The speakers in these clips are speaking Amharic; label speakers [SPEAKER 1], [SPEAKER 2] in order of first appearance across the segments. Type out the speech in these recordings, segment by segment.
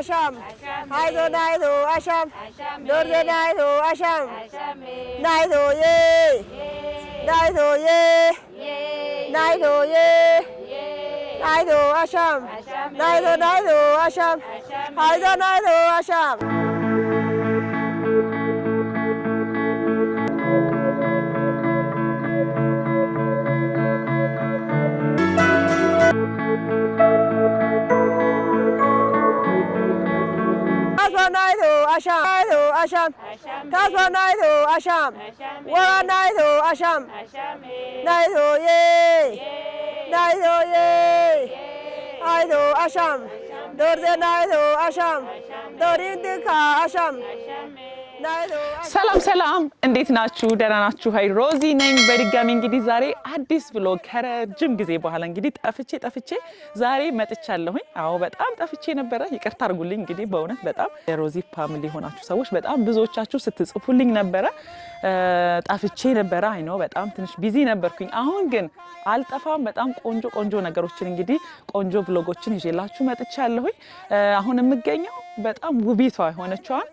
[SPEAKER 1] আসাম হাইদো নাই ধো আসাম দর্জে নাই ধো আসাম নাই ধো এ নাই ধো এ নাই ধো এ নাই ধো আসাম নাই ধো নাই ধো আসাম হাইদো নাই ধো আসাম Asham, Naidu, Asham, Taswa Naidu, Asham, Wara Naidu, Asham, Naidu, Yay, Naidu, Yay, Aidu, Asham, Dorde Naidu, Asham, Dorindika, Asham, Asham.
[SPEAKER 2] ሰላም ሰላም፣ እንዴት ናችሁ? ደህና ናችሁ? ሀይ ሮዚ ነኝ በድጋሚ እንግዲህ ዛሬ አዲስ ብሎግ ከረጅም ጊዜ በኋላ እንግዲህ ጠፍቼ ጠፍቼ ዛሬ መጥቻለሁኝ። አዎ በጣም ጠፍቼ ነበረ፣ ይቅርታ አድርጉልኝ። እንግዲህ በእውነት በጣም የሮዚ ፋሚሊ የሆናችሁ ሰዎች በጣም ብዙዎቻችሁ ስትጽፉልኝ ነበረ፣ ጠፍቼ ነበረ። አይ ነው በጣም ትንሽ ቢዚ ነበርኩኝ። አሁን ግን አልጠፋም። በጣም ቆንጆ ቆንጆ ነገሮችን እንግዲህ ቆንጆ ብሎጎችን ይዤላችሁ መጥቻለሁኝ። አሁን የምገኘው በጣም ውቢቷ የሆነችዋን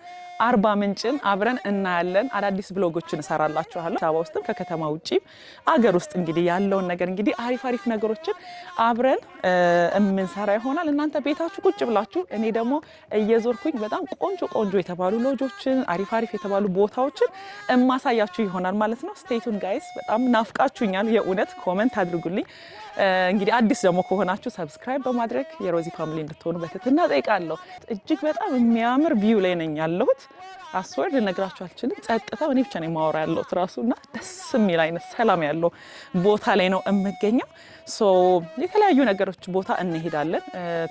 [SPEAKER 2] አርባ ምንጭን አብረን እናያለን። አዳዲስ ብሎጎችን እሰራላችኋለሁ። አበባ ውስጥም ከከተማ ውጪ አገር ውስጥ እንግዲህ ያለውን ነገር እንግዲህ አሪፍ አሪፍ ነገሮችን አብረን የምንሰራ ይሆናል። እናንተ ቤታችሁ ቁጭ ብላችሁ እኔ ደግሞ እየዞርኩኝ በጣም ቆንጆ ቆንጆ የተባሉ ሎጆችን አሪፍ አሪፍ የተባሉ ቦታዎችን እማሳያችሁ ይሆናል ማለት ነው። ስቴቱን ጋይስ በጣም ናፍቃችሁኛል። የእውነት ኮመንት አድርጉልኝ። እንግዲህ አዲስ ደግሞ ከሆናችሁ ሰብስክራይብ በማድረግ የሮዚ ፋሚሊ እንድትሆኑ በትህትና ጠይቃለሁ። እጅግ በጣም የሚያምር ቪው ላይ ነኝ ያለሁት። አስወርድ ልነግራችሁ አልችልም። ጸጥታው እኔ ብቻ ነው የማወራ ያለሁት ራሱ እና ደስ የሚል አይነት ሰላም ያለው ቦታ ላይ ነው የምገኘው። ሶ የተለያዩ ነገሮች ቦታ እንሄዳለን።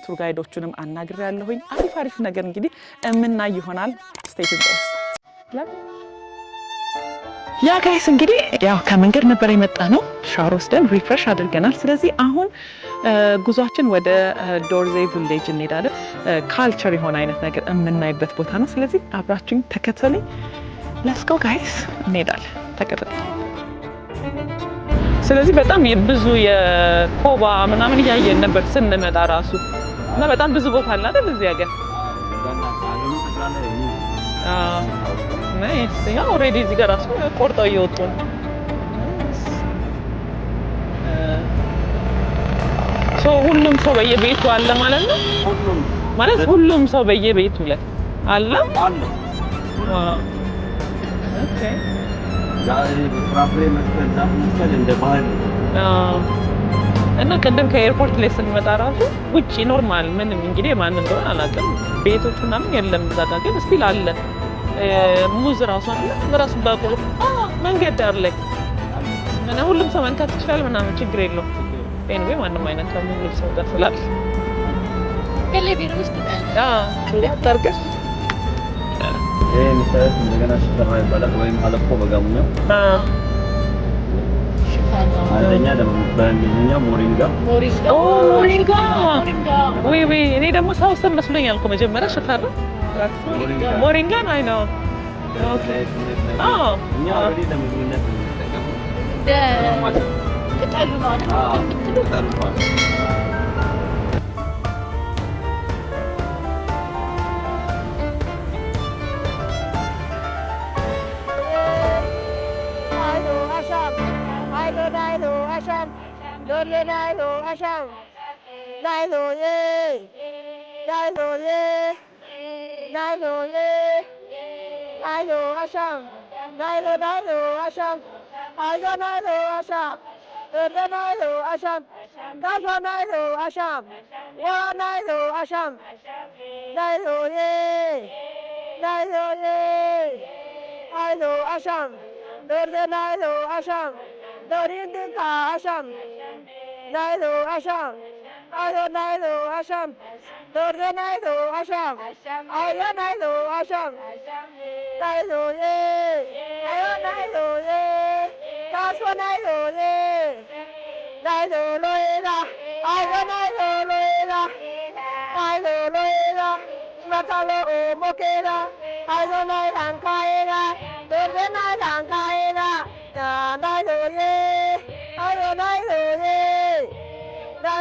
[SPEAKER 2] ቱር ጋይዶቹንም አናግሬ ያለሁኝ አሪፍ አሪፍ ነገር እንግዲህ የምናይ ይሆናል። ስቴት ያ ጋይስ እንግዲህ ያው ከመንገድ ነበር የመጣ ነው። ሻወር ወስደን ሪፍሬሽ አድርገናል። ስለዚህ አሁን ጉዟችን ወደ ዶርዜ ቪሌጅ እንሄዳለን። ካልቸር የሆነ አይነት ነገር የምናይበት ቦታ ነው። ስለዚህ አብራችን ተከተሉኝ። ለስኮ ጋይስ እንሄዳለን። ተከተሉ። ስለዚህ በጣም ብዙ የኮባ ምናምን እያየን ነበር ስንመጣ ራሱ እና በጣም ብዙ ቦታ አለ አይደል እዚህ ሀገር እና ይሄኛው ኦልሬዲ እዚህ ጋር ራሱ ቆርጠው እየወጡ ነው። ሁሉም ሰው በየቤቱ አለ ማለት ነው። ማለት ሁሉም ሰው በየቤቱ ላይ አለ አለ። እና ቅድም ከኤርፖርት ላይ ስንመጣ ራሱ ውጭ ኖርማል ምንም እንግዲህ ማን እንደሆነ አላውቅም፣ ቤቶች ምናምን የለም እዛ ጋር ግን እስቲል አለ። ሙዝ ራሷን ራሱን በቆሎ መንገድ ዳር ላይ እና ሁሉም ሰው መንካት ይችላል ምናምን ችግር የለውም። ኤንዌ ማንም አይነት ሰው ጋር ስላል
[SPEAKER 3] ደግሞ ሞሪንጋ
[SPEAKER 2] ሞሪንጋ
[SPEAKER 4] ሞሪንጋ
[SPEAKER 2] ወይ ወይ እኔ ደግሞ ሰው መስሎኛል መጀመሪያ ሽፈራ That's Moringa. Moringan, I know. Okay. Oh.
[SPEAKER 1] Lớn lên ai rồi, ai sao? Đây rồi, ê! Đây rồi, ê! Daido ye. Daido asham. Daido daido asham. Aigo daido asham. Urde daido asham. Gaso daido asham. Wa daido asham. Daido ye. Daido ye. Aido asham. Urde daido asham. Dorin dinka asham. Daido asham. Adonaidu Hashem, Adonaidu Hashem, Adonaidu Hashem, Adonaidu Ye, Adonaidu Ye, Adonaidu Ye, Adonaidu Loida, Adonaidu Loida, Adonaidu Loida, Matalo Mokeda, Adonai Lankaida, Adonai Lankaida, Adonaidu Ye, Adonaidu Ye.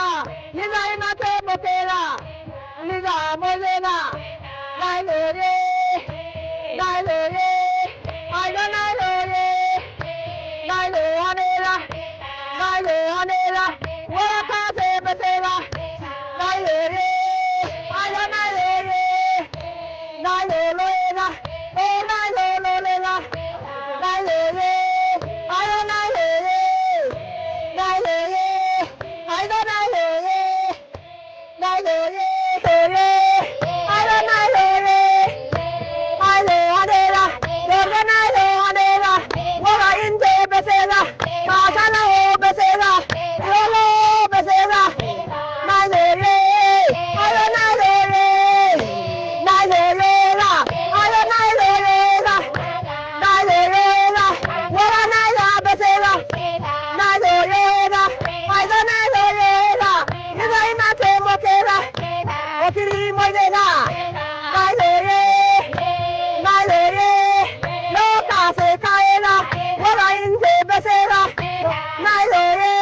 [SPEAKER 1] Mozilla निजाय नाथे मोतेला रे गायलो रे What i por ahí se becerá, nadie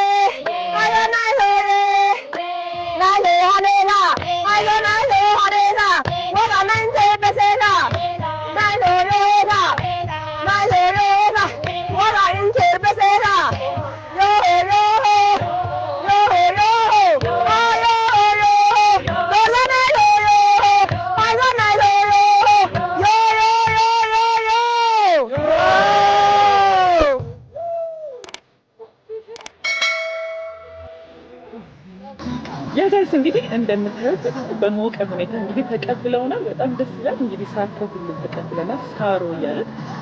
[SPEAKER 2] እንደምታዩት በሞቀ ሁኔታ እንግዲህ ተቀብለውናል። በጣም ደስ ይላል። እንግዲህ ሳር ከሁሉም ተቀብለናል። ሳሮ እያለ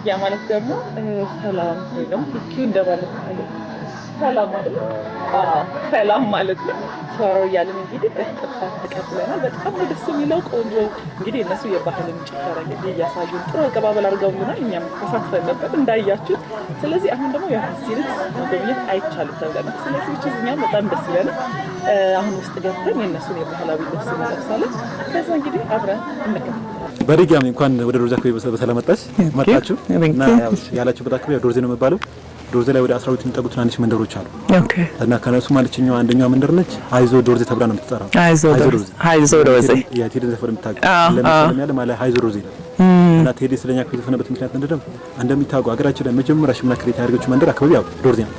[SPEAKER 2] ያ ማለት ደግሞ ሰላም ወይ ደግሞ እንደማለት ሰላም ማለት ነው። ተዋረው እያለን እንግዲህ በቀጥታ ተቀብለናል። በጣም ደስ የሚለው ቆንጆ እንግዲህ እነሱ የባህልን ጭፈራ እንግዲህ እያሳዩን ጥሩ አቀባበል አድርገውልናል። እኛም ተሳትፈን ነበር እንዳያችሁ። ስለዚህ አሁን ደግሞ የሲሪት መጎብኘት አይቻልም ተብለናል። ስለዚህ ውጭ እኛም በጣም ደስ ይለናል። አሁን ውስጥ ገብተን የእነሱን የባህላዊ ልብስ እንለብሳለን። ከዛ እንግዲህ አብረን እንከታተል
[SPEAKER 5] በድጋሚ እንኳን ወደ ዶርዜ አካባቢ በሰላም መጣችሁ። ያላችሁበት አካባቢ ዶርዜ ነው የሚባለው ዶርዜ ላይ ወደ 12 የሚጠጉ ትናንሽ መንደሮች አሉ። ኦኬ። እና ከነሱ ማለችኛው አንደኛው መንደር ነች አይዞ ዶርዜ ተብላ ነው የምትጠራው።
[SPEAKER 2] አይዞ ዶርዜ፣ አይዞ ዶርዜ
[SPEAKER 5] የቴዲ ዘፈን የምታውቅ ለምሳሌ ያለ ማለት አይዞ ዶርዜ ነው። እና ቴዲ ስለኛ ክፍል የዘፈነበት ምክንያት ምንድነው? እንደሚታወቀው ሀገራችን ላይ መጀመሪያ ሽምና ክሬት ያደረገችው መንደር አካባቢ ያው ዶርዜ ነው።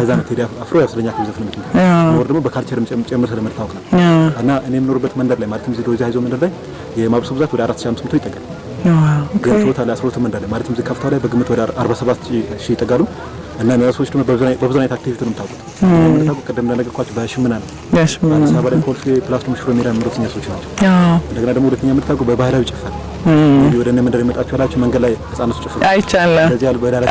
[SPEAKER 5] ለዛ ነው ቴዲ አፍሮ ያው ስለኛ ክፍል ዘፈነበት ምክንያት ነው። ደግሞ በካልቸር ጨምር ስለምታወቅ ነው። እና እኔ የምኖርበት መንደር ላይ ማለትም ዶርዜ አይዞ መንደር ላይ የማብሰብ ብዛት ወደ 4500 ይጠጋል። ገብቶታል። ያስሮትም እንዳለ ማለትም እዚህ ከፍታው ላይ በግምት ወደ 47 ሺህ ይጠጋሉ እና እነዚህ ሰዎች ደግሞ በብዙ አይነት አክቲቪቲ ነው የምታውቁት። የምታውቁት ቅድም እንደነገርኳቸው በሽምና ነው። አዲስ አበባ ላይ ኮልፌ ፕላስ ደግሞ ሽሮ ሜዳ የሚመሩት እኛ ሰዎች ናቸው። እንደገና ደግሞ ሁለተኛ የምታውቁ በባህላዊ ጭፈራ ወደ እነ ምንድር የመጣችሁ ያላችሁ መንገድ ላይ ህጻናት ጭፈራ አይቻለ ለዚህ ያሉ በዳራ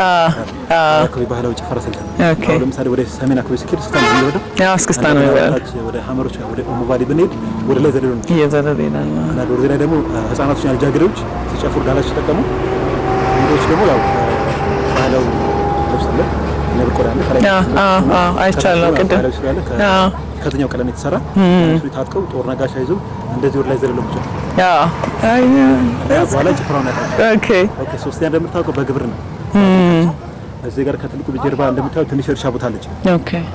[SPEAKER 5] አካባቢ ባህላዊ ጭፈራ ስልጠና አሁን ለምሳሌ ወደ ሰሜን አካባቢ ስኪድ ስታን ነው ወደ
[SPEAKER 2] ያው እስክስታ ነው ይባላል።
[SPEAKER 5] ወደ ሀመሮች ወደ ኦሞቫሊ ብንሄድ ወደ ላይ ዘለሉ
[SPEAKER 2] ነው እየዘለሉ ይላል።
[SPEAKER 5] እና ወደ ላይ ደግሞ ህጻናቶች ልጃገረዶች ሲጨፍሩ ጋላቸው ሲጠቀሙ፣ ወንዶች ደግሞ ያው ባህላዊ ልብስ አለ አይቻለሁ ከተኛው ቀለም የተሰራ ታጥቀው ጦር ነጋሻ ይዘው እንደዚህ ወደ ላይ ዘለለው ብቻ በኋላ ጭፍራውን ያውቃል። ሶስተኛ እንደምታውቀው በግብር ነው። እዚህ ጋር ከትልቁ ጀርባ እንደምታዩት ትንሽ እርሻ ቦታ አለች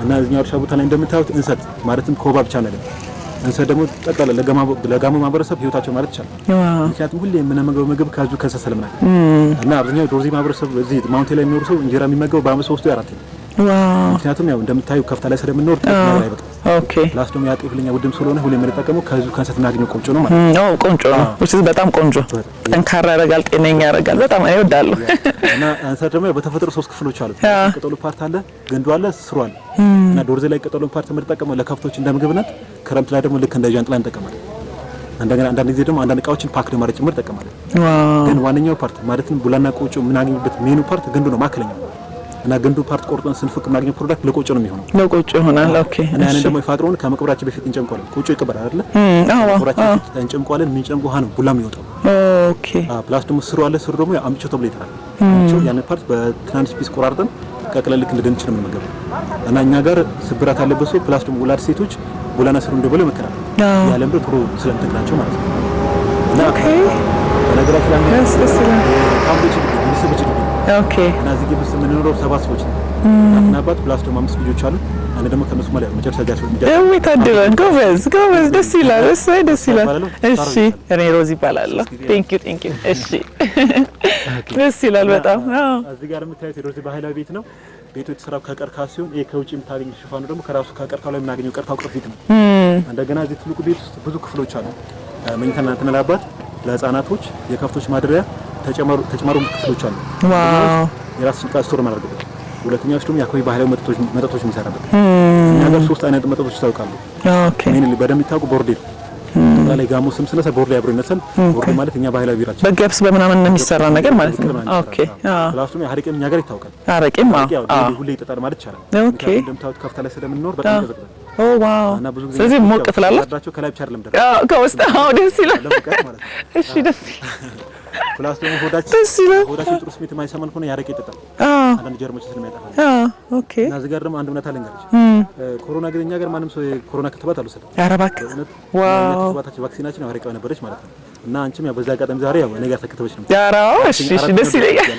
[SPEAKER 5] እና እዚህኛው እርሻ ቦታ ላይ እንደምታዩት እንሰት ማለትም ከወባ ብቻ ነው እንስሳ ደግሞ ጠቅላላ ለጋሞ ማህበረሰብ ህይወታቸው ማለት ይቻላል። ምክንያቱም ሁሌ የምንመገበው ምግብ ከዚሁ ከእንስሳ ስለምናል እና አብዛኛው ዶርዜ ማህበረሰብ እዚህ ማውንቴ ላይ የሚኖሩ ሰው እንጀራ የሚመገበው በአመት ሶስቱ አራት ነው
[SPEAKER 2] ምክንያቱም
[SPEAKER 5] ያው እንደምታዩ ከፍታ ላይ ስለምንኖር ኦኬ ላስ ደግሞ ያጤፍ ለኛ ውድም ስለሆነ ሁሌ የምንጠቀመው ከዚሁ ከእንሰት እናገኘው ቆንጆ ነው
[SPEAKER 2] ማለት ነው። ቆንጆ ነው፣ በጣም ቆንጆ ጠንካራ ያደርጋል፣ ጤነኛ ያደርጋል። በጣም እኔ እወዳለሁ።
[SPEAKER 5] እና እንሰት ደግሞ በተፈጥሮ ሶስት ክፍሎች አሉት። ቅጠሉ ፓርት አለ፣ ግንዱ አለ፣ ስሩ አለ። እና ዶርዜ ላይ ቅጠሉን ፓርት የምንጠቀመው ለከብቶች እንደ ምግብነት፣ ክረምት ላይ ደግሞ ልክ እንደ ጃንጥላ እንጠቀማለን። አንዳንድ አንዳንድ ጊዜ ደግሞ አንዳንድ እቃዎችን ፓክ ለማድረግ ጭምር እንጠቀማለን። ግን ዋነኛው ፓርት ማለትም ቡላና ቆጮ የምናገኝበት ሜኑ ፓርት ግንዱ ነው፣ ማከለኛው እና ግንዱ ፓርት ቆርጠን ስንፍቅ የምናገኘው ፕሮዳክት ለቆጮ ነው የሚሆነው፣
[SPEAKER 2] ለቆጮ ይሆናል። ኦኬ።
[SPEAKER 5] እና ያንን ደግሞ የፋቅረውን ከመቅበራችን በፊት እንጨምቀዋለን። ቆጮ ይቀበራል አይደለ? አዎ። እንጨምቀዋለን። የምንጨምቀው ውሃ ነው፣ ቡላ የሚወጣው። ኦኬ። ፕላስ ደግሞ ስሩ አለ። ስሩ ደግሞ አምቾ ተብሎ ይጠራል። ያንን ፓርት በትናንሽ ፒስ ቆራርጠን ቀቅለን ልክ እንደ ድንች ነው የምንመገበው። እና እኛ ጋር ስብራት ያለበት ሰው ፕላስ ደግሞ ወላድ ሴቶች ቡላና ስሩ እንደበሉ ይመከራል። ያለም ብሎ ቶሎ ስለምትናቸው ማለት ነው። ኦኬ። ነገራችን ላይ ነው እና እዚህ ግቢ ውስጥ የምንኖረው ሰባ ሰዎች ነው። እናትና አባት ፕላስ ደግሞ አምስት ልጆች አሉ። እኔ ደግሞ ከነሱ ማለት መጨረሻ
[SPEAKER 2] ታድበን። ጎበዝ ጎበዝ፣ ደስ ይላል። እሰይ ደስ ይላል። እሺ፣ እኔ ሮዝ ይባላለሁ። ቴንክ ዩ ቴንክ ዩ። እሺ፣ ደስ ይላል በጣም። አዎ፣
[SPEAKER 5] እዚህ ጋር የምታዩት የሮዝ ባህላዊ ቤት ነው። ቤቱ የተሰራው ከቀርከሃ ሲሆን ይሄ ከውጭ የምታገኝ ሽፋኑ ደግሞ ከራሱ ከቀርከሃው ላይ የምናገኘው ቀርከሃው ቅርፊት ነው። እንደገና እዚህ ትልቁ ቤት ውስጥ ብዙ ክፍሎች አሉ። መኝታና ትነላባት ለህፃናቶች፣ የከብቶች ማድሪያ ተጨማሩ ክፍሎች አሉ። የራስ ዕቃ ስቶር የማደርግበት ሁለተኛ ውስጥ ደግሞ የአካባቢ ባህላዊ መጠጦች የሚሰራበት እኛ ጋር ሶስት አይነት መጠጦች ይታወቃሉ። ምን በደንብ የሚታወቁ ቦርዴል ላይ ጋሞ ስም ስለሰ ቦርዴ አብሮ ይነሳል። ቦርዴ ማለት እኛ ባህላዊ ቢራችን
[SPEAKER 2] በገብስ በምናምን ነው የሚሰራ ነገር ማለት ነው። ኦኬ
[SPEAKER 5] ፕላስቱም አረቄም እኛ ጋር ይታወቃል። አረቄም አዎ፣ አዎ ሁሌ ይጠጣል ማለት ይቻላል። ኦኬ እንደምታውቁት ካፍታ ላይ ስለምንኖር በጣም ይዘቅጣል።
[SPEAKER 2] ኦ ዋው! ስለዚህ ሞቅ
[SPEAKER 5] ትላላችሁ ከላይ ብቻ አይደለም ደግሞ
[SPEAKER 2] ከውስጥ። ደስ ይላል። እሺ ደስ ይላል።
[SPEAKER 5] ፕላስ ደግሞ ሆዳችን ደስ ይላል። ሆዳችን ጥሩ ስሜት የማይሰማን ከሆነ ያረቄ ይጠጣል። አንዳንድ ጀርሞች ስለሚያጠፋ ኦኬ። እና እዚህ ጋር ደግሞ አንድ እውነት አልንገርሽ፣ ኮሮና ግን እኛ ጋር ማንም ሰው የኮሮና ክትባት አልወሰደም።
[SPEAKER 2] ያረባክ ዋው
[SPEAKER 5] ክትባታችን ቫክሲናችን ያረቄዋ ነበረች ማለት ነው። እና አንቺም ያው በዛ አጋጣሚ ዛሬ ያው ነገር ተከተበች ነው።
[SPEAKER 2] እሺ፣ እሺ፣ ደስ ይለኛል።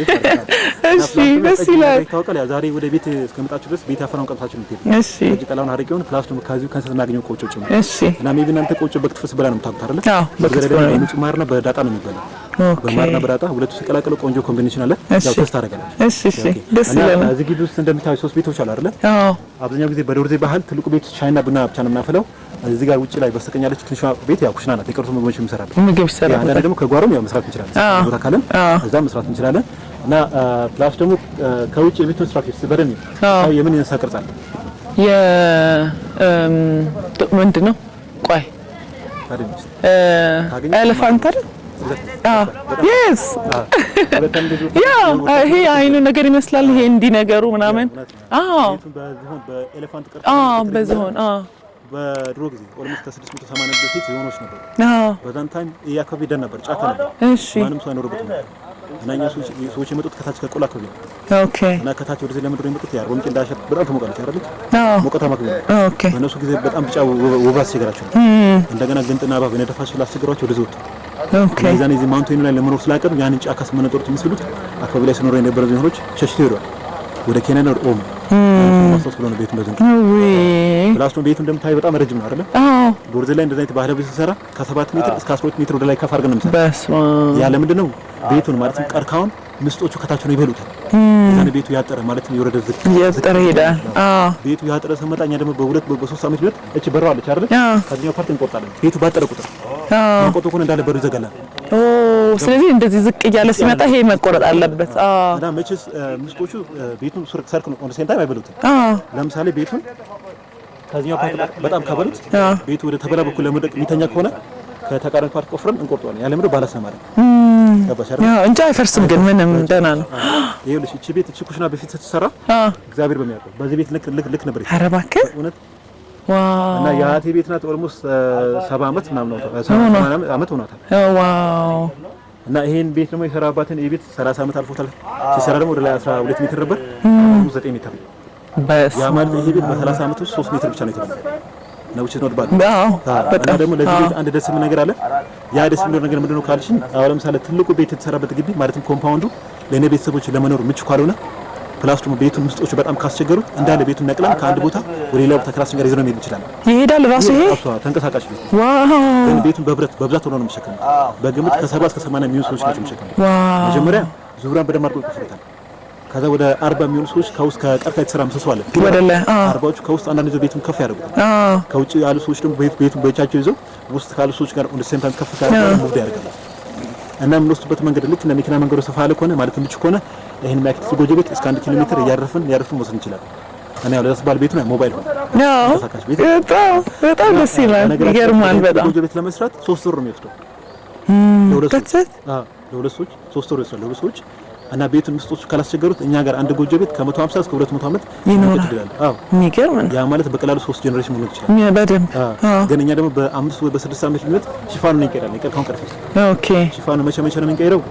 [SPEAKER 2] እሺ፣ ደስ ይላል።
[SPEAKER 5] ታውቃል፣ ያው ዛሬ ወደ ቤት እስከመጣችሁ ድረስ ቤት ያፈራውን ቀምሳችሁ ነው የምትሄዱ። እሺ፣ እጅ ጠላውን ሀሪቄውን ፕላስ ደግሞ ከዚሁ ከእንሰት የምናገኘው ቆጮ ነው። እሺ፣ እና ሜቢ እናንተ ቆጮ በክትፎ ስበላ ነው የምታውቁት አይደለ? አዎ፣ በክትፎ ነው የሚጨማርና በዳጣ ነው የሚበላው። ኦኬ፣ በማርና በዳጣ ሁለቱ ሲቀላቀሉ ቆንጆ ኮምቢኔሽን አለ። ያው ተስታ አደረገናል።
[SPEAKER 2] እሺ፣ እሺ፣ ደስ ይላል።
[SPEAKER 5] እዚህ ግቢ ውስጥ እንደምታዩት ሶስት ቤቶች አሉ አይደለ? አዎ። አብዛኛው ጊዜ በዶርዜ ባህል ትልቁ ቤት ሻይና ቡና ብቻ ነው የምናፈለው። እዚህ ጋር ውጪ ላይ በስተቀኝ ያለችው ትንሿ ቤት ያው ኩሽና ናት። የቀሩት ምግቦች የሚሰራበት ምግብ የሚሰራ ነገር ደግሞ ከጓሮም ያው መስራት እንችላለን። ቦታ ካለን መስራት እንችላለን እና ፕላስ ደግሞ ከውጭ የቤት ኮንስትራክሽን ነው የምን ቅርጽ አለ
[SPEAKER 2] ምንድን ነው? ቆይ ኤሌፋንት አይደል? የስ ይሄ አይኑ ነገር ይመስላል። ይሄ እንዲህ ነገሩ ምናምን በዝሆን
[SPEAKER 5] በድሮ ጊዜ ኦልሞስት ከ680 በፊት ዞኖች ነበሩ። በዛን ታይም አካባቢ ደን ነበር፣ ጫካ ነበር። እሺ ማንም ሰው አይኖርበት ነበር። እናኛ ሰዎች የመጡት ከታች ከቆላ አካባቢ ነው። ኦኬ እና ከታች ወደዚህ ለምድር የመጡት ያ ሮምጭ እንዳሸ በጣም ትሞቃለች አይደል? ሞቃታማ አካባቢ ነው። ኦኬ በእነሱ ጊዜ በጣም ብጫ ወባ አስቸገራቸው። እንደገና ግንጥና እባብ የነደፋቸው ስላስቸገራቸው ወደዚህ ወጡ። ኦኬ እዛን እዚህ ማውንቴኑ ላይ ለመኖር ስላቀዱ ያንን ጫካ ስመነጠሩት ምስሉት አካባቢ ላይ ሲኖሩ የነበረ ዝሆኖች ሸሽተው ሄደዋል ወደ ኬንያና ወደ ኦሞ ማስታወስ ብሎ ነው ቤቱን በዝንቱ ቤቱ እንደምታይ በጣም ረጅም ነው አይደለ? አዎ። ዶርዜ ላይ እንደዛ አይነት ባህላዊ ቤት ስንሰራ ከሰባት ሜትር እስከ 12 ሜትር ወደ ላይ ከፍ አድርገን ነው
[SPEAKER 2] የምንሰራው።
[SPEAKER 5] ያለ ምንድን ነው ቤቱን ማለትም ቀርካውን ምስጦቹ ከታች ነው ይበሉታል። እዛን ቤቱ ያጠረ ማለት ነው የወረደ ዝቅ
[SPEAKER 2] ያጠረ ይሄዳል። አዎ
[SPEAKER 5] ቤቱ ያጠረ ስንመጣ እኛ ደግሞ በሁለት በሶስት ዓመት ቢሆን እቺ በሯ አለች አይደለ? ከዚህኛው ፓርት እንቆርጣለን። ቤቱ ባጠረ ቁጥር አዎ ቆጥቁ እንዳለ በሩ ይዘጋላል።
[SPEAKER 2] ኦ ስለዚህ እንደዚህ ዝቅ እያለ ሲመጣ ይሄ መቆረጥ አለበት። አዎ
[SPEAKER 5] እና መቼስ ምስጦቹ ቤቱን ሰርክ ነው ኮንሴንታ በጣም አይበሉትም። ለምሳሌ ቤቱን ከዚህኛው ፓርት በጣም ከበሉት ቤቱ ወደ ተበላ በኩል ለመውደቅ የሚተኛ ከሆነ ከተቃራኒ ፓርት ቆፍረን እንቆርጠዋለን። ያለ ምንድነው ባላሰ ማለት
[SPEAKER 2] ነው እንጂ አይፈርስም። ግን ምንም ደህና ነው።
[SPEAKER 5] ይኸውልሽ እቺ ቤት እቺ ኩሽና በፊት ስትሰራ እግዚአብሔር በሚያውቀው በዚህ ቤት ልክ ልክ ልክ ነበር። ኧረ እባክህ እውነት ዋው! እና የአያቴ ቤት ናት። ኦልሞስት ሰባ ዓመት ምናምን ነው ዓመት ሆኗታል።
[SPEAKER 2] ዋው!
[SPEAKER 5] እና ይሄን ቤት ደግሞ የሰራባትን የቤት 30 ዓመት አልፎታል። ሲሰራ ደግሞ ወደ ላይ 12 ሜትር ነበር 9 ሜትር ነው። የአማድ መሄድ በ30 ዓመት ውስጥ 3 ሜትር ብቻ ነው የተባለው ነው እቺ ነው ባለ እና ደግሞ ለዚህ ቤት አንድ ደስ የሚል ነገር አለ። ያ ደስ የሚለው ነገር ምንድነው ካልሽኝ፣ አሁን ለምሳሌ ትልቁ ቤት የተሰራበት ግቢ ማለትም ኮምፓውንዱ ለእኔ ቤተሰቦች ለመኖር ምቹ ካልሆነ ፕላስ ደግሞ ቤቱን ምስጦቹ በጣም ካስቸገሩት እንዳለ ቤቱን ነቅለን ከአንድ ቦታ ወደ ሌላ ቦታ ከራሳችን ጋር ይዘነው መሄድ እንችላለን። ይሄዳል ራሱ ይሄ ተንቀሳቃሽ ቤት ግን ቤቱን በብረት በብዛት ሆኖ ነው የሚሸከመው። በግምት ከሰባ እስከ ሰማንያ የሚሆኑ ሰዎች ናቸው የሚሸከመው። መጀመሪያ ዙሪያን በደማርቆ ይቆፍሩታል። ከዛ ወደ አርባ የሚሆኑ ሰዎች ከውስጥ ከቀርከሃ የተሰራ ምሰሶ አለ። አርባዎቹ ከውስጥ አንዳንድ ይዘው ቤቱን ከፍ ያደርጉ። ከውጭ ያሉ ሰዎች ደግሞ ቤቱን በእጃቸው ይዘው ውስጥ ካሉ ሰዎች ጋር ወደ ሴምታን ከፍ ሙዳ ያደርጋሉ። እና የምንወስዱበት መንገድ ልክ እንደ መኪና መንገዱ ሰፋ ያለ ከሆነ ማለት ምች ከሆነ ይህን የሚያክል ጎጆ ቤት እስከ አንድ ኪሎ ሜትር እያረፍን እያረፍን መውሰድ እንችላለን። እና ያው ለስባል ቤቱ ነው ሞባይል ሆነ።
[SPEAKER 2] በጣም በጣም ደስ ይላል። ይገርማል። በጣም ጎጆ ቤት
[SPEAKER 5] ለመስራት ሶስት ወር ነው የሚወስደው
[SPEAKER 2] ለሁለት
[SPEAKER 5] ሰዎች ሶስት ወር ይወስዳል ለሁለት ሰዎች እና ቤቱን ውስጥ ካላስቸገሩት እኛ ጋር አንድ ጎጆ ቤት ከ150 እስከ 200 ዓመት ይኖራል። አዎ
[SPEAKER 2] የሚገርም ነው።
[SPEAKER 5] ያ ማለት በቀላሉ 3 ጀነሬሽን ሙሉ ይችላል። አዎ። ግን እኛ ደግሞ በአምስት ወይ በስድስት ዓመት ልዩነት ሽፋኑን እንቀይራለን። የቀርከውን ቀርፈስ ኦኬ። ሽፋኑ መቼ መቼ ነው የምንቀይረው?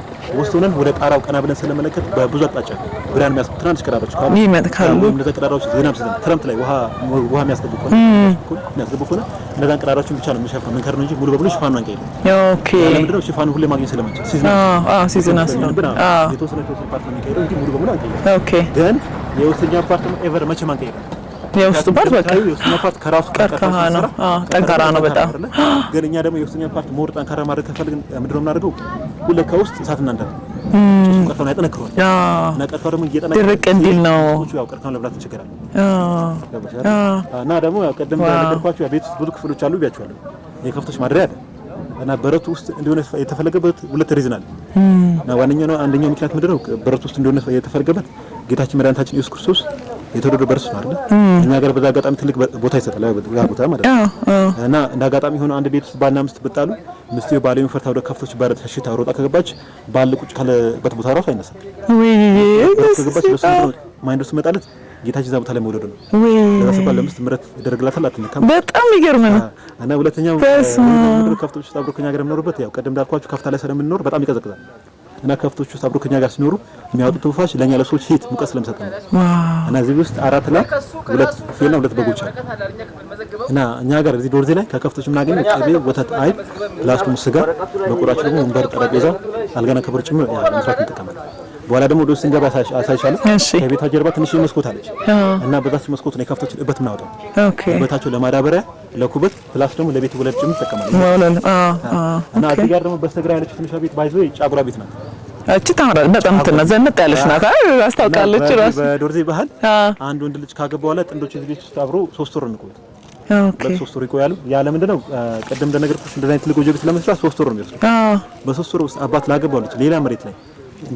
[SPEAKER 5] ውስጥ ሆነን ወደ ጣራው ቀና ብለን ስለመለከት በብዙ አቅጣጫ ብርሃን የሚያስ ትናንሽ ቀዳዳዎች ካሉ ይመጥካሉ። እነዛ ቀዳዳዎች ዜና ብዘን ክረምት ላይ ውሃ ውሃ የሚያስገቡ ከሆነ የሚያስገቡ ከሆነ እነዛን ቀዳዳዎችን ብቻ ነው የምንሸፍነው መንከር ነው እንጂ ሙሉ በሙሉ ሽፋኑን አንቀይርም። ኦኬ ለምንድን ነው ሽፋኑ ሁሌ ማግኘት ስለማንችል ሲዝና አዎ
[SPEAKER 2] ሲዝና ስለሆነ
[SPEAKER 5] አዎ የተወሰነ የወሰን ፓርት ነው የሚካሄደው እንጂ ፓርት ኤቨር መቼም አንቀይርም።
[SPEAKER 2] የውስጡ ፓርት በቃ
[SPEAKER 5] የውስጠኛው ፓርት ከራሱ
[SPEAKER 2] ጠንካራ ነው። አዎ ጠንካራ ነው በጣም
[SPEAKER 5] ግን እኛ ደግሞ የውስጠኛው ፓርት ሞር ጠንካራ ማድረግ ከፈለግን ምንድን ነው የምናደርገው? ሁለ ከውስጥ እሳትና እንዳለ ቀርካውን ያጠነክረዋል እና ቀርካው ደግሞ እየጠነከረ ድርቅ እንዲል ነው። ያው ቀርካውን ለብላት እንቸገራለን እና ደግሞ ቅድም እንደነገርኳችሁ ቤት ውስጥ ብዙ ክፍሎች አሉ ብያችኋለሁ። የከብቶች ማደሪያ አለ እና በረቱ ውስጥ እንደሆነ የተፈለገበት ሁለት ሪዝን አለ እና ዋነኛው አንደኛው ምክንያት ምንድን ነው? በረቱ ውስጥ እንደሆነ የተፈለገበት ጌታችን መድኃኒታችን ኢየሱስ ክርስቶስ የተወደደ በርሱ ነው አይደል? እኛ ጋር በዛ አጋጣሚ ትልቅ ቦታ ይሰጣል። አይ በዛ ቦታ ማለት ነው እና እንደ አጋጣሚ ሆኖ አንድ ቤት ውስጥ ባልና ሚስት ብጣሉ ምስቴው ባለ ፈርታ ወደ ከፍቶች ባረ ተሽታ ሮጣ ከገባች ባል ቁጭ ካለበት ቦታ ራሱ አይነሳም
[SPEAKER 2] ወይ
[SPEAKER 5] ከገባች ማይንድ ውስጥ መጣለት ጌታችን እዛ ቦታ ላይ መውደዱ ነው። ለራሱ ባለ አምስት ምረት ይደረግላታል። አትነካም። በጣም ይገርም ነው። እና ሁለተኛው ከብቶች ውስጥ አብሮ ከኛ ጋር የሚኖሩበት ያው ቀደም እንዳልኳችሁ ከፍታ ላይ ስለምንኖር በጣም ይቀዘቅዛል እና ከብቶች ውስጥ አብሮ ከኛ ጋር ሲኖሩ የሚያወጡት ትንፋሽ ለኛ ለሰዎች ሂት ሙቀት ስለሚሰጥ ነው። እና እዚህ ውስጥ አራት ላይ ሁለት ፍየልና ሁለት በጎች አሉ። እና እኛ ጋር እዚህ ዶርዜ ላይ ከከብቶች የምናገኘው ቅቤ፣ ወተት፣ አይብ፣ ላስቱም ስጋ፣ በቁራጭ ደግሞ ወንበር፣ ጠረጴዛ፣ አልጋና ከበር ጭምር ያው መስራት እንጠቀማለን። በኋላ ደግሞ ወደ ውስጥ ስንገባ አሳይሻለሁ። ከቤቷ ጀርባ ትንሽ መስኮት አለች እና በዛች መስኮት ነው የከብቶችን እበት ምናወጣው። ኦኬ እበታቸው ለማዳበሪያ ለኩበት ፕላስ ደግሞ ለቤት ወለድ ጭም ይጠቀማል ማለት ነው። እና እዚህ ጋር ደግሞ በስተግራ ያለች ትንሿ ቤት ባይዞ ጫጉራ ቤት ናት።
[SPEAKER 2] እቺ ታምራለች በጣም እንትን ዘንጥ ያለች ናት። አስታውቃለች ራሱ
[SPEAKER 5] በዶርዜ ባህል አንድ ወንድ ልጅ ካገባ በኋላ ጥንዶች እዚህ ቤት ውስጥ አብሮ ሶስት ወር እንቆይ በሶስት ወር ይቆያሉ። ያለ ምንድን ነው ቅድም እንደነገርኩሽ እንደዚህ አይነት ትልቅ ጎጆ ቤት ለመስራት ሶስት ወር ነው የሚወስደው። በሶስት ወር ውስጥ አባት ላገባው ልጅ ሌላ መሬት ላይ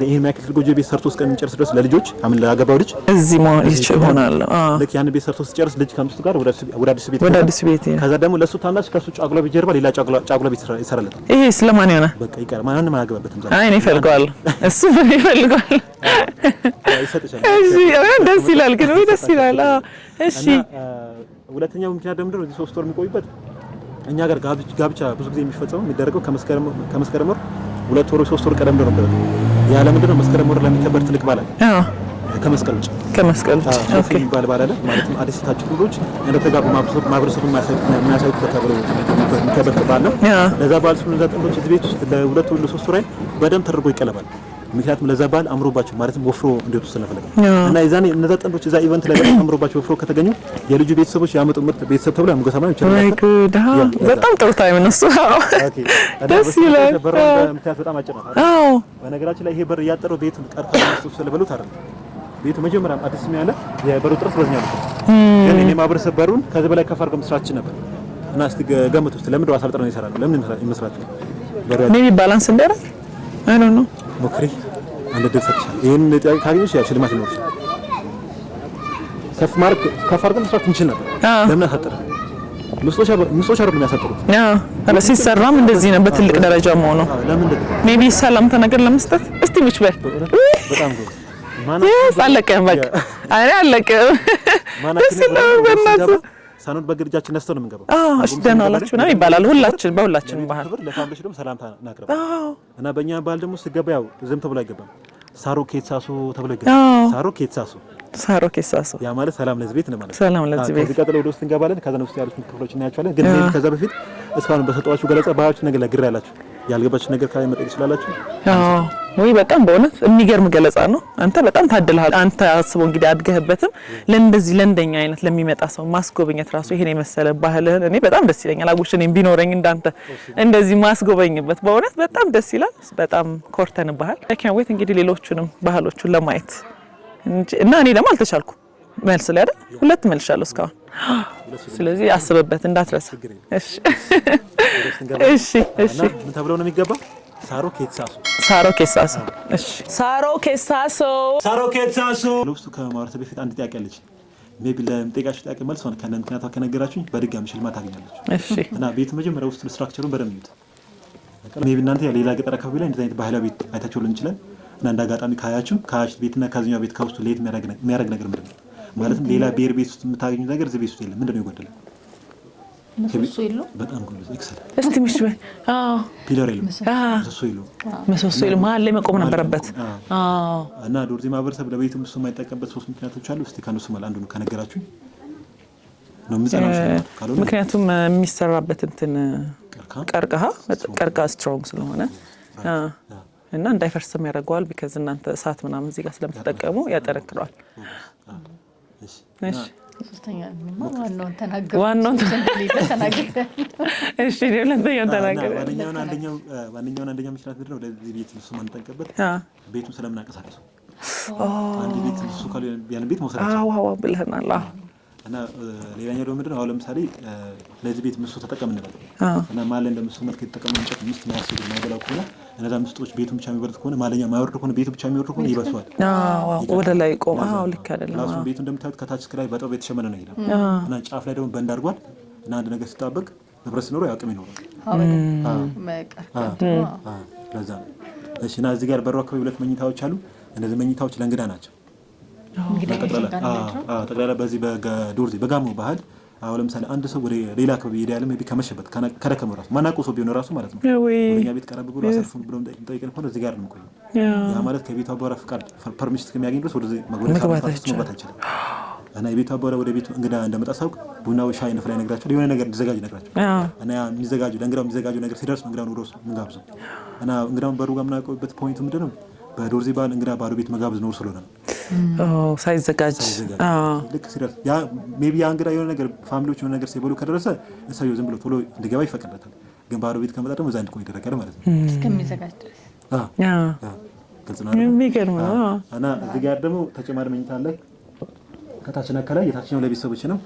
[SPEAKER 5] ይሄን ያክል ጎጆ ቤት ሰርቶ እስከሚጨርስ ድረስ ለልጆች አምን ለአገባው ልጅ እዚህ መሆን ይሆናል። ልክ ያን ቤት ሰርቶ ሲጨርስ ልጅ ከምስቱ ጋር ወደ አዲስ ቤት ወደ አዲስ ቤት፣ ከዛ ደግሞ ለሱ ታናሽ ከሱ ጫጉላ ቤት ጀርባ ሌላ ጫጉላ ቤት ይሰራለታል። ይሄ
[SPEAKER 2] ስለማን ይሆናል? በቃ ይቀር
[SPEAKER 5] ማን ማን አገባበትም። አይ ይፈልገዋል፣
[SPEAKER 2] እሱ ይፈልገዋል። እሺ ደስ ይላል፣ ግን ደስ ይላል። እሺ
[SPEAKER 5] ሁለተኛው ምክንያት ደግሞ እዚህ ሶስት ወር የሚቆይበት እኛ ጋር ጋብቻ ብዙ ጊዜ የሚፈጸመው የሚደረገው ከመስከረም ወር ሁለት ወር ሶስት ወር ቀደም ብሎ ነበር። ያ ለምንድን ነው? መስከረም ወር ለሚከበር ትልቅ በዓል አዎ፣ ከመስቀል ውጭ ከመስቀል ውጭ ኦኬ፣ የሚባል በዓል አለ። ማለትም አዲስ ታችሁ ሁሉች እንደ ተጋቡ ማብሰብ ማብሰብ የሚያሳዩት ተከብሮ የሚከበር በዓል ነው። ለዛ በዓል ስለ ጥንዶች እዚህ ቤት ውስጥ ለሁለት ወር ለሶስት ወር በደንብ ተደርጎ ይቀለባል። ምክንያቱም ለዛ ባህል አምሮባቸው ማለትም ወፍሮ እንዴት ስለፈለገ እና የዛኔ እነዛ ጥንዶች እዛ ኢቨንት ላይ አምሮባቸው ወፍሮ ከተገኙ የልጁ ቤተሰቦች ያመጡ ምርት ቤተሰብ ተብሎ ሙገሳ ማለት ይችላል።
[SPEAKER 2] በጣም ጥሩ ታይም ነው እሱ። ደስ ይላል። ምክንያት በጣም አጭር ነው። አዎ፣
[SPEAKER 5] በነገራችን ላይ ይሄ በር እያጠረው ቤቱ ቀርታ ሱ ስለበሉት አይደል ቤቱ መጀመሪያም አዲስ ነው ያለ የበሩ ጥርስ በዝኛ ነው። ግን እኔ ማህበረሰብ በሩን ከዚህ በላይ ከፍ አድርገን መስራችን ነበር እና እስቲ ገምቱ ውስጥ ለምን ደው አሳልጥረን ይሰራሉ ለምን ይመስላችኋል?
[SPEAKER 2] ሜቢ ባላንስ እንዳይረግ አይ ዶንት ኖ
[SPEAKER 5] ሞክሪ አንድ ዕድል ሰጥሻለሁ። ይሄን ጥያቄ ካገኘሽ ያው ሽልማት ይኖርሽ። ከፍ ማድረግ ከፍ አድርገን መስራት እንችል ነበር። ለምን አሳጠረ? ምስጦች አይደሉም የሚያሳጥሩት።
[SPEAKER 2] አዎ ሲሰራም እንደዚህ ነው። በትልቅ ደረጃ መሆኑ ሜይ ቢ ሰላምታ ነገር ለመስጠት እስቲ ምች በይ። አለቀም በቃ። አይ አለቀም። ደስ ይላል በእናትህ
[SPEAKER 5] ሳንወድ በግድ እጃችን ነስተን ነው የምንገባው።
[SPEAKER 2] እሺ ደህና ዋላችሁ ነው ይባላል። ሁላችን በሁላችን ባህል ክብር ለፋሚሊዎች
[SPEAKER 5] ደግሞ ሰላምታ እናቅርብ እና በእኛ ባህል ደግሞ ሲገባ ያው ዝም ተብሎ አይገባም። ሳሩ ኬትሳሱ ተብሎ ይገባል። ሳሩ ኬትሳሱ
[SPEAKER 2] ሳሮ ኬሳሶ
[SPEAKER 5] ያ ማለት ሰላም ለዚህ ቤት ነው ማለት ሰላም ለዚህ ቤት። ቀጥሎ ወደ ውስጥ እንገባለን። ከዛ ነው ውስጥ ያሉትን ክፍሎች እናያቸዋለን። ግን ከዛ በፊት እስካሁን በሰጧችሁ ገለጻ ባያችሁ ነገር ላይ ያላችሁ ያልገባችሁ ነገር ካለ መጠየቅ ትችላላችሁ።
[SPEAKER 2] አዎ ወይ በጣም በእውነት የሚገርም ገለጻ ነው። አንተ በጣም ታድለሃል። አንተ አስበው እንግዲህ አድገህበትም ለእንደዚህ ለእንደኛ አይነት ለሚመጣ ሰው ማስጎበኘት ራሱ ይሄን የመሰለ ባህልህን እኔ በጣም ደስ ይለኛል። አጉሽ እኔም ቢኖረኝ እንዳንተ እንደዚህ ማስጎበኝበት በእውነት በጣም ደስ ይላል። በጣም ኮርተን ባህል ኪያዌት እንግዲህ ሌሎቹንም ባህሎቹን ለማየት እና እኔ ደግሞ አልተቻልኩም መልስ ላይ አይደል? ሁለት መልሻለሁ እስካሁን። ስለዚህ አስብበት እንዳትረሳ። እሺ፣ እሺ፣
[SPEAKER 5] እሺ። ምን ተብለው ነው የሚገባ? ሳሮ ኬትሳሶ፣
[SPEAKER 2] ሳሮ ኬትሳሶ። እሺ፣ ሳሮ ኬትሳሶ፣ ሳሮ ኬትሳሶ።
[SPEAKER 5] ልብሱ ከማውራት በፊት አንድ ጥያቄ አለች። ሜቢ ለምጠይቃችሁ ጥያቄ መልስ ሆነ ከነ ምክንያቷ ከነገራችሁኝ በድጋሚ ሽልማት አገኛለች። እሺ። እና ቤት መጀመሪያ ውስጥ ስትራክቸሩን በደንብ ይዩት። ሜቢ እናንተ ሌላ ገጠር አካባቢ ላይ እንደዚህ አይነት ባህላዊ ቤት አይታችሁ ልን ይችላል እና እንደ አጋጣሚ ካያችሁ ከአያችሁ ቤትና ከዚህኛው ቤት ከውስጡ ለየት የሚያደርግ ነገር ምንድን ነው? ማለትም ሌላ ብሔር ቤት ውስጥ የምታገኙት ነገር እዚህ ቤት ውስጥ የለም። ምንድን ነው የጎደለው? በጣም ጎበዝ ፒለር ምሰሶ
[SPEAKER 2] ምሰሶ መሀል ላይ መቆም ነበረበት።
[SPEAKER 5] እና ዶርዜ ማህበረሰብ ለቤቱ እሱ የማይጠቀምበት ሶስት ምክንያቶች አሉ። እስኪ ከነሱ መሀል አንዱ ከነገራችሁ
[SPEAKER 2] ምክንያቱም የሚሰራበት እንትን
[SPEAKER 5] ቀርቀሃ ቀርቀሃ ስትሮንግ ስለሆነ እና እንዳይፈርስም ያደርገዋል። ቢከዝ እናንተ እሳት ምናምን እዚህ ጋር ስለምትጠቀሙ ያጠነክረዋል። ዋናውን አንደኛው ምክንያት ምንድን ነው? ለዚህ ቤት ልብሱ ማንጠንቀበት ቤቱ ስለምናቀሳቀሱ አንድ ቤት ልብሱ ቤት መውሰድ ብለናል። እና ሌላኛው ደግሞ ምንድን ነው አሁን ለምሳሌ ለዚህ ቤት ምሶ ተጠቀም እንበል እና ማለ እንደ ምሶ መልክ የተጠቀመ እንጨት ምስት ማያስብ የማይበላው ከሆነ እነዛ ምስጦች ቤቱ ብቻ የሚወርድ ከሆነ ማለኛ ማይወርድ ከሆነ ቤቱ ብቻ የሚወርድ ከሆነ ይበሷል፣
[SPEAKER 2] ወደ ላይ ቆማ ልክ አይደለም።
[SPEAKER 5] ቤቱ እንደምታዩት ከታች እስከ ላይ በጠብ የተሸመነ ነው ይላል እና ጫፍ ላይ ደግሞ በንድ አድርጓል እና አንድ ነገር ሲጣበቅ ንብረት ሲኖረው ያቅም ይኖራል። ለዛ ነው እሺ። እና እዚህ ጋር በሩ አካባቢ ሁለት መኝታዎች አሉ። እነዚህ መኝታዎች ለእንግዳ ናቸው። ጠቅላላ በዚህ በዶርዜ በጋሞ ባህል አሁን ለምሳሌ አንድ ሰው ወደ ሌላ አካባቢ ሄደ ያለ ቢ ከመሸበት ከደከመ ራሱ ማናቁ ሰው ቢሆን ራሱ ማለት ነው ወደኛ ቤት ቀረብ ብሎ አሳልፉን ብሎ ጠይቀን ከሆነ እዚህ ጋር ነው የምቆየው። ያ ማለት ከቤቱ አባወራ ፍቃድ ፐርሚሽን እስከሚያገኝ ድረስ ወደ መግባት አይችልም። እና የቤቱ አባወራ ወደ ቤቱ እንግዳ እንደመጣ ሳውቅ ቡና ሻይ ነፍ ላይ ነግራቸው የሆነ ነገር እንዲዘጋጅ ነግራቸው እና ያ የሚዘጋጁ ለእንግዳው የሚዘጋጁ ነገር ሲደርስ እንግዳ እንግዳውን ወደ እና እንግዳውን በሩ ጋር የምናውቀውበት ፖይንቱ ምንድን ነው? በዶርዜ ባህል እንግዳ ባዶ ቤት መጋብዝ ኖር ስለሆነ ነው ሳይዘጋጅ ሜይ ቢ እንግዳ የሆነ ነገር ፋሚሊዎች የሆነ ነገር ሲበሉ ከደረሰ እንሰየው ዝም ብሎ ቶሎ እንዲገባ ይፈቅድለታል። ግን ባዶ ቤት ከመጣ ደግሞ እዛ እንዲቆይ ይደረጋል ማለት ነው እስከሚዘጋጅ ድረስ።
[SPEAKER 2] የሚገርም ነው
[SPEAKER 5] እና እዚህ ጋር ደግሞ ተጨማሪ መኝታ አለ ከታችና ከላይ የታችኛው ለቤተሰቦች ነው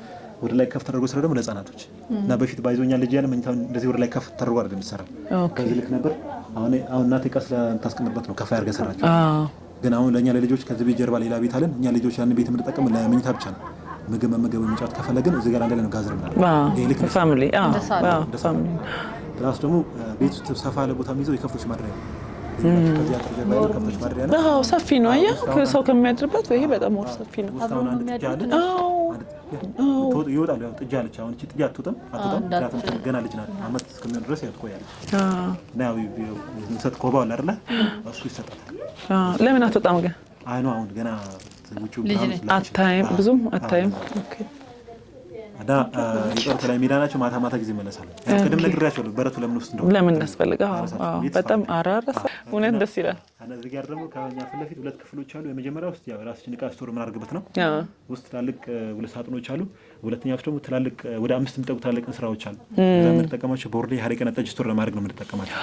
[SPEAKER 5] ወደ ላይ ከፍ ተደርጎ ስራ ደግሞ ለህፃናቶች እና በፊት ባይዞኛ ልጅ ያለ መኝታ እንደዚህ ወደ ላይ ከፍ ተደርጎ አይደለም የሚሰራ ከዚህ ልክ ነበር። አሁን እናቴ ቃ ስለምታስቀምጥበት ነው ከፍ ያርገ ሰራቸው። ግን አሁን ለእኛ ለልጆች ከዚህ ቤት ጀርባ ሌላ ቤት አለን። እኛ ልጆች ያን ቤት የምንጠቀም ለመኝታ ብቻ ነው። ምግብ መመገብ መጫወት ከፈለግን እዚህ ጋር አንድ ላይ ነው ጋዘር ምናምን። ደግሞ ቤት ውስጥ ሰፋ ያለ ቦታ የሚይዘው የከብቶች ማድሪያ ነው። ሰፊ ነው። አየህ ሰው ከሚያድርበት ይሄ በጣም ሰፊ ነው። ይወጣሉ። ጥጃ አለች። አሁን እቺ ጥጃ አትወጣም አትወጣም፣ ምክንያቱም ገና ልጅ ናት። አመት እስከሚሆን ድረስ ያው ትቆያለች። እና ያው እንሰጥ ኮባ አለ አይደለ? እሱ ይሰጣታል።
[SPEAKER 2] ለምን አትወጣም ግን?
[SPEAKER 5] አይ ነው አሁን ገና ውጪ
[SPEAKER 2] አታይም፣ ብዙም አታይም። ኦኬ
[SPEAKER 5] እና የጠዋት ላይ ሜዳ ናቸው። ማታ ማታ ጊዜ ይመለሳሉ። ቅድም ነግሬያቸው በረቱ ለምን ውስጥ እንደሆነ ለምን ያስፈልገ
[SPEAKER 2] በጣም አራረሰ እውነት ደስ ይላል። እነዚህ
[SPEAKER 5] ጋር ደግሞ ከኛ ፊት ለፊት ሁለት ክፍሎች አሉ። የመጀመሪያ ውስጥ ያው ራሳችን እቃ ስቶር የምናደርግበት ነው። ውስጥ ትላልቅ ሁለት ሳጥኖች አሉ። ሁለተኛ ውስጥ ደግሞ ትላልቅ ወደ አምስት የሚጠጉ ትላልቅ እንስራዎች አሉ። የምንጠቀማቸው በወርዴ ሀሪቀና ጠጅ ስቶር ለማድረግ ነው የምንጠቀማቸው።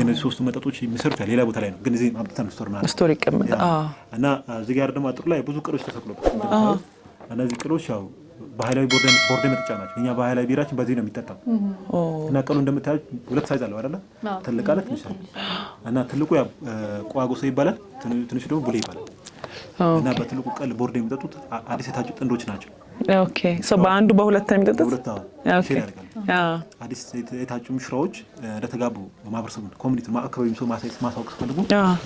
[SPEAKER 5] ግን እዚህ ሶስቱ መጠጦች የሚሰሩት ሌላ ቦታ ላይ ነው። ግን እዚህ አምጥተን ስቶር ስቶር ይቀመጣል እና እዚህ ጋር ደግሞ አጥሩ ላይ ብዙ ቅሎች ተሰቅሎበት እነዚህ ቅሎች ያው ባህላዊ ቦርዴ መጠጫ ናቸው። እኛ ባህላዊ ቢራችን በዚህ ነው የሚጠጣው እና ቀኑ እንደምታዩ ሁለት ሳይዝ አለው አይደለ? ትልቅ አለ፣ ትንሽ አለ እና ትልቁ ቋጉሶ ይባላል፣ ትንሹ ደግሞ ቡሌ ይባላል። እና በትልቁ ቀል ቦርድ የሚጠጡት አዲስ የታጩ ጥንዶች ናቸው።
[SPEAKER 2] በአንዱ በሁለት ነው የሚጠጡት።
[SPEAKER 5] አዲስ የታጩ ሙሽራዎች እንደተጋቡ ማህበረሰቡ ኮሚኒቲ አካባቢ ሰው ማሳወቅ ሲፈልጉ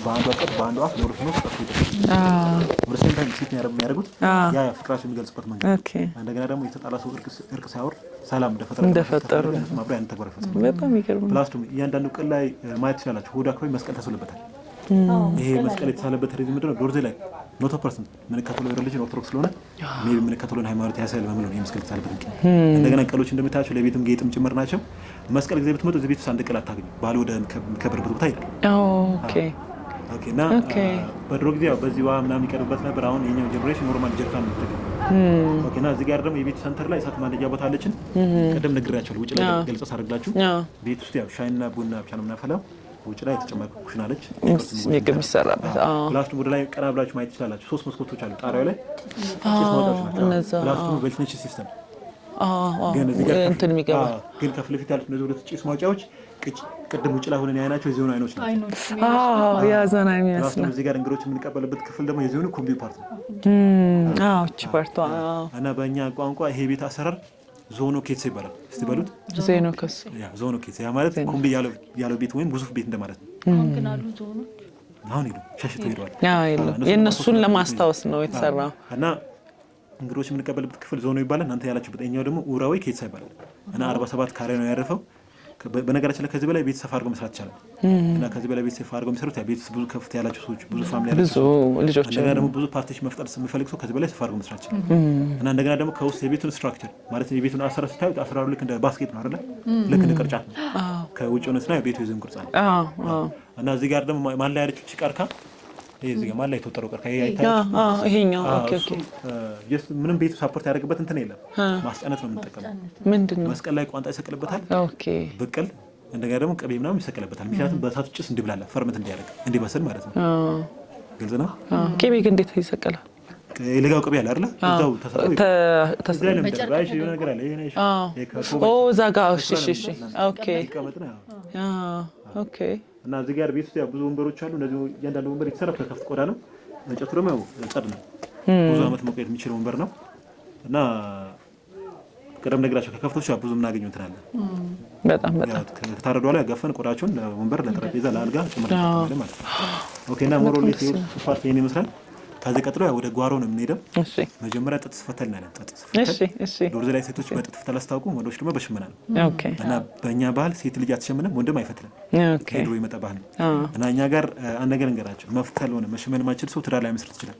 [SPEAKER 5] በአንዱ ቀል በአንዱ አፍ ለሁለት ነው ጠጡ ሴት የሚያደርጉት ያ ፍቅራቸው የሚገልጽበት መንገድ። እንደገና ደግሞ የተጣላ ሰው እርቅ ሳይወርድ ሰላም እንደፈጠሩ ማብሪያ ያን ተግባር
[SPEAKER 2] ይፈጽማል።
[SPEAKER 5] በጣም እያንዳንዱ ቀን ላይ ማየት ትችላላችሁ። ሆዱ አካባቢ መስቀል ተስሎበታል። ይሄ መስቀል የተሳለበት ሪዝ ምንድን ነው? ዶርዜ ላይ መቶ ፐርሰንት የምንከተለው ሪሊጅን ኦርቶዶክስ ስለሆነ ሜይ የምንከተለውን ሃይማኖት ያሳያል በሚል ነው ይህ መስቀል የተሳለበት ምክንያት። hmm. እንደገና ቀሎች እንደምታያቸው ለቤትም ጌጥም ጭምር ናቸው። መስቀል ጊዜ ብትመጡ እዚህ ቤት ውስጥ አንድ ቀል አታገኙ። ባል ወደ ከበርበት ቦታ
[SPEAKER 2] ይሄዳል
[SPEAKER 5] እና በድሮ ጊዜ በዚህ ውሃ ምናምን ይቀርብበት ነበር። አሁን የኛው ጀኔሬሽን ኖርማል ጀሪካን ነው የምትጠቀም hmm. እና እዚህ ጋር ደግሞ የቤት ሰንተር ላይ እሳት ማንደጃ ቦታ አለችን። hmm. ቀደም ነግሬያቸዋለሁ። ውጭ ላይ ገልጸ ሳደርግላችሁ ቤት ውስጥ ያው ሻይና ቡና ብቻ ነው የምናፈላው ውጭ ላይ የተጨማሪ ኩሽና አለች፣
[SPEAKER 2] ምግብ የሚሰራበት ላስቱ
[SPEAKER 5] ወደ ላይ ቀና ብላችሁ ማየት ትችላላችሁ። ሶስት መስኮቶች አሉ ጣሪያው ላይ ላስቱ በልትነች ሲስተም
[SPEAKER 2] ግን ከፊት
[SPEAKER 5] ለፊት ያሉት እነዚህ ሁለት ጭስ ማውጫዎች ቅድም ውጭ ላይ ሆነን ያይናቸው የዚሆኑ አይኖች ናቸው። እዚህ ጋር እንግዶች የምንቀበልበት ክፍል ደግሞ የዚሆኑ ኮምቢ ፓርት ነው እና በእኛ ቋንቋ ይሄ ቤት አሰራር ዞኖ ኬትስ ይባላል። እስቲ በሉት ዞኖ ኬትስ ያ ማለት ኩምቢ ያለው ቤት ወይም ግዙፍ ቤት እንደማለት ነው። አሁን ሄዱ ሸሽተው ሄደዋል።
[SPEAKER 2] የእነሱን ለማስታወስ ነው የተሰራው
[SPEAKER 5] እና እንግዶች የምንቀበልበት ክፍል ዞኖ ይባላል። እናንተ ያላችሁበት እኛው ደግሞ ኡራዊ ኬትስ ይባላል እና አርባ ሰባት ካሬ ነው ያረፈው በነገራችን ላይ ከዚህ በላይ ቤተሰብ አድርገው መስራት ይቻላል እና ከዚህ በላይ ቤተሰብ አድርገው የሚሰሩት ቤተሰብ ብዙ ከፍት ያላቸው ሰዎች ብዙ ፋሚሊ ያላቸው ልጆች እንደገና ደግሞ ብዙ ፓርቲዎች መፍጠር የሚፈልግ ሰው ከዚህ በላይ ሰፋ አድርገው መስራት ይችላል እና እንደገና ደግሞ ከውስጥ የቤቱን ስትራክቸር ማለት የቤቱን አሰራር ስታዩት አሰራሩ ልክ እንደ ባስኬት ነው አለ ልክ እንደ ቅርጫት ነው። ከውጭ ሆነ ስናየው ቤቱ የዝም ቅርጽ ነው እና እዚህ ጋር ደግሞ ማን ላይ ያለችው ቺ ቀርካ ማን ላይ የተወጠረው ቀርከሃ ይሄኛው ምንም ቤቱ ሳፖርት ያደርግበት እንትን የለም። ማስጫነት ነው የምንጠቀመው። ምንድን ነው መስቀል ላይ ቋንጣ ይሰቅልበታል፣ ብቅል እንደገና ደግሞ ቅቤ ምናምን ይሰቅልበታል። ምክንያቱም በእሳቱ ጭስ እንዲብላለ ፈርመት እንዲያደርግ እንዲመስል ማለት ነው። ግልጽ ነው።
[SPEAKER 2] ቅቤ ግን እንዴት ይሰቀላል?
[SPEAKER 5] የለጋው ቅቤ አለ አይደል? እዛው ተሰጠው እና እዚህ ጋር ቤት ውስጥ ያው ብዙ ወንበሮች አሉ። እነዚህ እያንዳንዱ ወንበር የተሰራ ከከፍት ቆዳ ነው። እንጨቱ ደግሞ ያው ጸድ ነው። ብዙ አመት መቆየት የሚችል ወንበር ነው እና ቀደም ነግራቸው ከከፍቶች ብዙ የምናገኘው እንትን አለ። በጣም በጣም ከታረዱ ላይ ያጋፈን ቆዳቸውን ወንበር፣ ለጠረጴዛ፣ ለአልጋ ጭምር ማለት ነው። ኦኬ እና ሞሮሌት ሶፋ ይሄን ይመስላል። ከዚህ ቀጥሎ ወደ ጓሮ ነው የምንሄደው። መጀመሪያ ጥጥ ስፈተል ነው ጥጥ ስፈተል። ዶርዜ ላይ ሴቶች በጥጥ ፍተል አስታውቁም፣ ወንዶች ደግሞ በሽመና ነው። እና በእኛ ባህል ሴት ልጅ አትሸምንም፣ ወንድም አይፈትልም። ከድሮ የመጣ ባህል ነው። እና እኛ ጋር አንድ ነገር እንገራቸው፣ መፍተል ሆነ መሽመን ማችል ሰው ትዳር ላይ መስረት ይችላል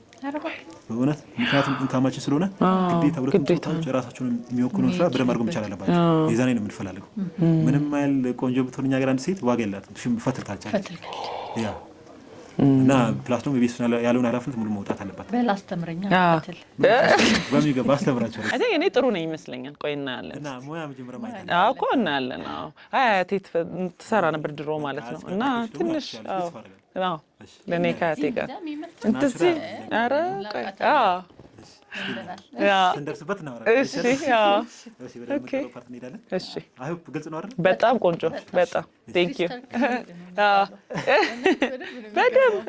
[SPEAKER 5] በእውነት ምክንያቱም እንካማችን ስለሆነ ግዴታ ሁለት ጣዎች የራሳቸውን የሚወክኑን ስራ በደንብ አድርጎ መቻል አለባቸው። የዛኔ ነው የምንፈላለገው። ምንም ያህል ቆንጆ ብትሆን እኛ ጋር አንድ ሴት ዋጋ የላትም ፈትል ካልቻለች እና ፕላስቶም ደግሞ ያለውን ኃላፊነት ሙሉ መውጣት አለባት። በል አስተምረኛ በሚገባ አስተምራቸው።
[SPEAKER 2] እኔ ጥሩ ነው ይመስለኛል። ቆይ እናያለን እኮ እናያለን። አያቴ ትሰራ ነበር ድሮ ማለት ነው። እና ትንሽ ለእኔ ከአያቴ ጋር እንትዚህ ኧረ
[SPEAKER 5] ስንደርስበት እናወራለን።
[SPEAKER 2] በጣም ቆንጆ በጣም በደምብ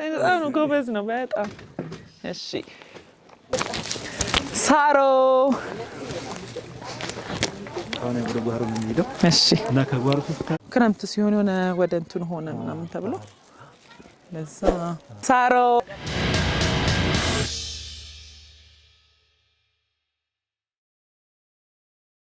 [SPEAKER 2] በጣም ነው ጎበዝ ነው በጣም እሺ። ሳሮ ክረምት ሲሆን የሆነ ወደ እንትን ሆነ ምናምን ተብሎ ለዛ ሳሮ